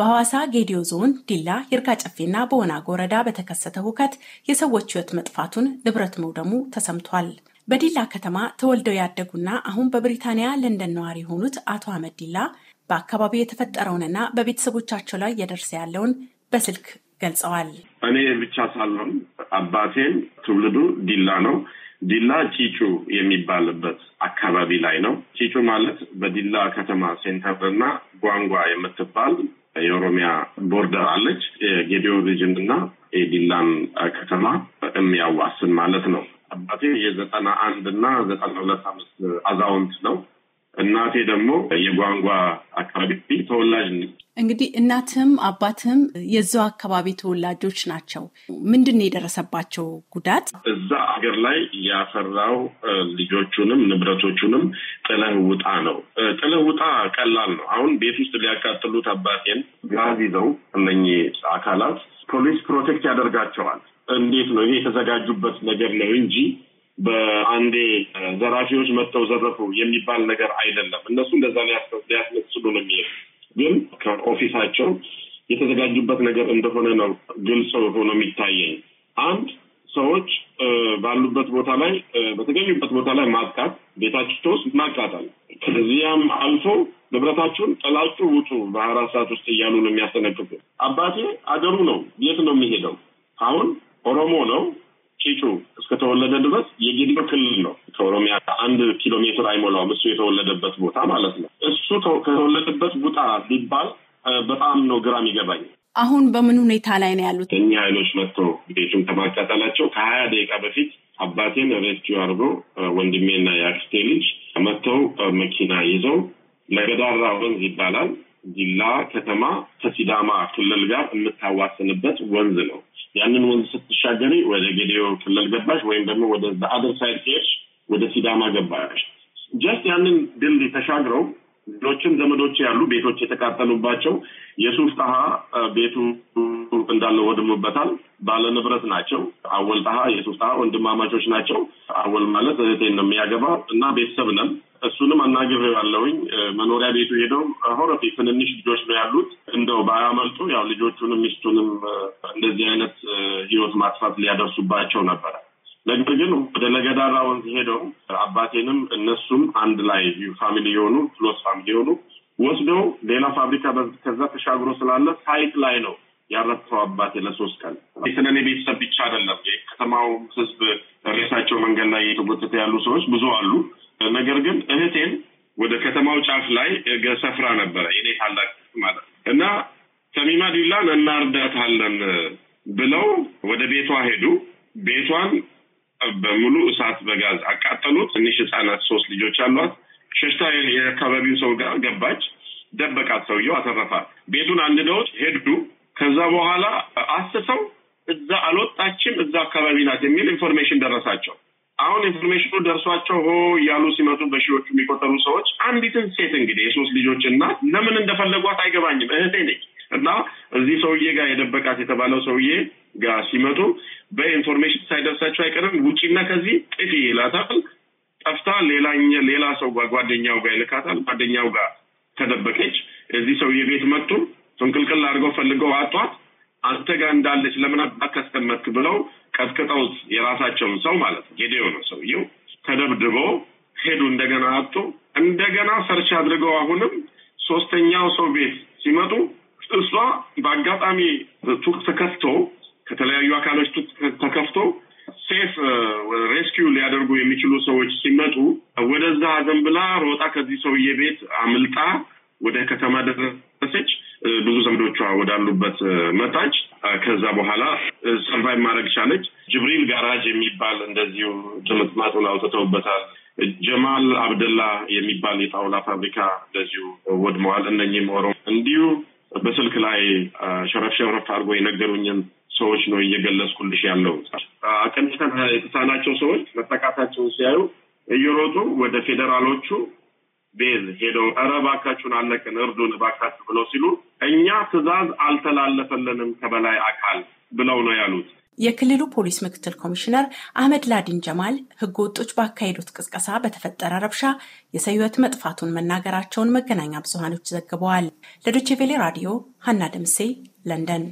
በሐዋሳ ጌዲዮ ዞን ዲላ ይርጋ ጨፌና በወናጎ ወረዳ በተከሰተ ሁከት የሰዎች ህይወት መጥፋቱን ንብረት መውደሙ ተሰምቷል። በዲላ ከተማ ተወልደው ያደጉና አሁን በብሪታንያ ለንደን ነዋሪ የሆኑት አቶ አህመድ ዲላ በአካባቢው የተፈጠረውንና በቤተሰቦቻቸው ላይ እየደረሰ ያለውን በስልክ ገልጸዋል። እኔ ብቻ ሳልሆን አባቴም ትውልዱ ዲላ ነው። ዲላ ቺቹ የሚባልበት አካባቢ ላይ ነው። ቺቹ ማለት በዲላ ከተማ ሴንተር እና ጓንጓ የምትባል የኦሮሚያ ቦርደር አለች። የጌዲዮ ሪጅን እና የዲላን ከተማ የሚያዋስን ማለት ነው። አባቴ የዘጠና አንድ እና ዘጠና ሁለት አምስት አዛውንት ነው። እናቴ ደግሞ የጓንጓ አካባቢ ተወላጅ ነች። እንግዲህ እናትም አባትም የዛው አካባቢ ተወላጆች ናቸው። ምንድን ነው የደረሰባቸው ጉዳት? እዛ ሀገር ላይ ያፈራው ልጆቹንም ንብረቶቹንም ጥለህ ውጣ ነው። ጥለህ ውጣ ቀላል ነው። አሁን ቤት ውስጥ ሊያቃጥሉት አባቴን ጋዝ ይዘው እነኚህ አካላት ፖሊስ ፕሮቴክት ያደርጋቸዋል። እንዴት ነው ይሄ የተዘጋጁበት ነገር ነው እንጂ በአንዴ ዘራፊዎች መጥተው ዘረፉ የሚባል ነገር አይደለም። እነሱ እንደዛ ሊያስመስሉ ነው የሚሄዱ፣ ግን ከኦፊሳቸው የተዘጋጁበት ነገር እንደሆነ ነው ግልጽ ሆኖ የሚታየኝ። አንድ ሰዎች ባሉበት ቦታ ላይ በተገኙበት ቦታ ላይ ማጥቃት፣ ቤታቸው ውስጥ ማቃጠል፣ ከዚያም አልፎ ንብረታችሁን ጥላችሁ ውጡ በአራት ሰዓት ውስጥ እያሉ ነው የሚያስጠነቅቁ። አባቴ አገሩ ነው የት ነው የሚሄደው? አሁን ኦሮሞ ነው ቼቹ እስከተወለደ ድረስ የጌዲዮ ክልል ነው። ከኦሮሚያ አንድ ኪሎ ሜትር አይሞላውም እሱ የተወለደበት ቦታ ማለት ነው። እሱ ከተወለደበት ቦታ ቢባል በጣም ነው ግራም ይገባኝ። አሁን በምን ሁኔታ ላይ ነው ያሉት? እኛ ኃይሎች መጥቶ ቤቱን ከማቃጠላቸው ከሀያ ደቂቃ በፊት አባቴን ሬስኪው አድርጎ ወንድሜና የአክስቴ ልጅ መጥተው መኪና ይዘው ለገዳራ ወንዝ ይባላል ዲላ ከተማ ከሲዳማ ክልል ጋር የምታዋስንበት ወንዝ ነው። ያንን ወንዝ ስትሻገሪ ወደ ጌዲዮ ክልል ገባሽ፣ ወይም ደግሞ ወደ አደር ሳይድ ሄድሽ፣ ወደ ሲዳማ ገባሽ። ጀስት ያንን ድል ተሻግረው ሌሎችም ዘመዶች ያሉ ቤቶች የተቃጠሉባቸው የሱፍ ጣሃ ቤቱ እንዳለ ወድሞበታል። ባለ ንብረት ናቸው። አወል ጣሃ የሱፍ ጣሃ ወንድማማቾች ናቸው። አወል ማለት እህቴን ነው የሚያገባው እና ቤተሰብ ነን እሱንም ያለውኝ መኖሪያ ቤቱ ሄደው ሆረፊ ትንንሽ ልጆች ነው ያሉት፣ እንደው ባያመልጡ ያው ልጆቹንም ሚስቱንም እንደዚህ አይነት ህይወት ማጥፋት ሊያደርሱባቸው ነበረ። ነገር ግን ወደ ለገዳራ ወንዝ ሄደው አባቴንም እነሱም አንድ ላይ ፋሚሊ የሆኑ ክሎስ ፋሚሊ የሆኑ ወስደው ሌላ ፋብሪካ ከዛ ተሻግሮ ስላለ ሳይት ላይ ነው ያረፈው አባቴ ለሶስት ቀን። ስለ ቤተሰብ ብቻ አይደለም የከተማው ህዝብ ሬሳቸው መንገድ ላይ የተጎተተ ያሉ ሰዎች ብዙ አሉ። ነገር ግን እህቴን ወደ ከተማው ጫፍ ላይ ሰፍራ ነበረ የኔ ታላቅ ማለት እና ሰሚማ ዲላን እናርዳታለን ብለው ወደ ቤቷ ሄዱ። ቤቷን በሙሉ እሳት በጋዝ አቃጠሉት። ትንሽ ህጻናት ሶስት ልጆች አሏት። ሸሽታ የአካባቢው ሰው ጋር ገባች። ደበቃት። ሰውየው አተረፋ ቤቱን አንድደውት ሄዱ። ከዛ በኋላ አስሰው እዛ አልወጣችም፣ እዛ አካባቢ ናት የሚል ኢንፎርሜሽን ደረሳቸው። አሁን ኢንፎርሜሽኑ ደርሷቸው ሆ እያሉ ሲመጡ በሺዎቹ የሚቆጠሩ ሰዎች አንዲትን ሴት እንግዲህ የሶስት ልጆች እናት ለምን እንደፈለጓት አይገባኝም። እህቴ ነች እና እዚህ ሰውዬ ጋር የደበቃት የተባለው ሰውዬ ጋር ሲመጡ በኢንፎርሜሽን ሳይደርሳቸው አይቀርም። ውጪና ከዚህ ጥፊ ይላታል። ጠፍታ ሌላኛ ሌላ ሰው ጓደኛው ጋር ይልካታል። ጓደኛው ጋር ተደበቀች። እዚህ ሰውዬ ቤት መጡ። ፍንቅልቅል አድርገው ፈልገው አጧት። አንተ ጋር እንዳለች ለምን አባት ካስቀመጥክ ብለው ቀጥቅጠውት የራሳቸውን ሰው ማለት ነው ጌዴዮ ነው ሰውየው ተደብድቦ ሄዱ። እንደገና አጡ። እንደገና ሰርች አድርገው አሁንም ሶስተኛው ሰው ቤት ሲመጡ እሷ በአጋጣሚ ቱቅ ተከፍቶ ከተለያዩ አካሎች ቱቅ ተከፍቶ ሴፍ ሬስኪዩ ሊያደርጉ የሚችሉ ሰዎች ሲመጡ ወደዛ ዘንብላ ሮጣ ከዚህ ሰውዬ ቤት አምልጣ ወደ ከተማ ደረሰች። ብዙ ዘምዶቿ ወዳሉበት መጣች። ከዛ በኋላ ሰርቫይቭ ማድረግ ቻለች። ጅብሪል ጋራጅ የሚባል እንደዚሁ ጥምጥማጡን አውጥተውበታል። ጀማል አብደላ የሚባል የጣውላ ፋብሪካ እንደዚሁ ወድመዋል። እነኚህም ኦሮሞ እንዲሁ በስልክ ላይ ሸረፍ ሸረፍ አድርጎ የነገሩኝን ሰዎች ነው እየገለጽኩልሽ ያለው። አቀንጭተን የተሳናቸው ሰዎች መጠቃታቸውን ሲያዩ እየሮጡ ወደ ፌዴራሎቹ ቤዝ ሄደው እረ እባካችሁን አለቅን እርዱን እባካችሁ ብለው ሲሉ እኛ ትዕዛዝ አልተላለፈልንም ከበላይ አካል ብለው ነው ያሉት። የክልሉ ፖሊስ ምክትል ኮሚሽነር አህመድ ላዲን ጀማል ህገ ወጦች ባካሄዱት ቅስቀሳ በተፈጠረ ረብሻ የሰው መጥፋቱን መናገራቸውን መገናኛ ብዙሃኖች ዘግበዋል። ለዶቼ ራዲዮ ሀና ደምሴ ለንደን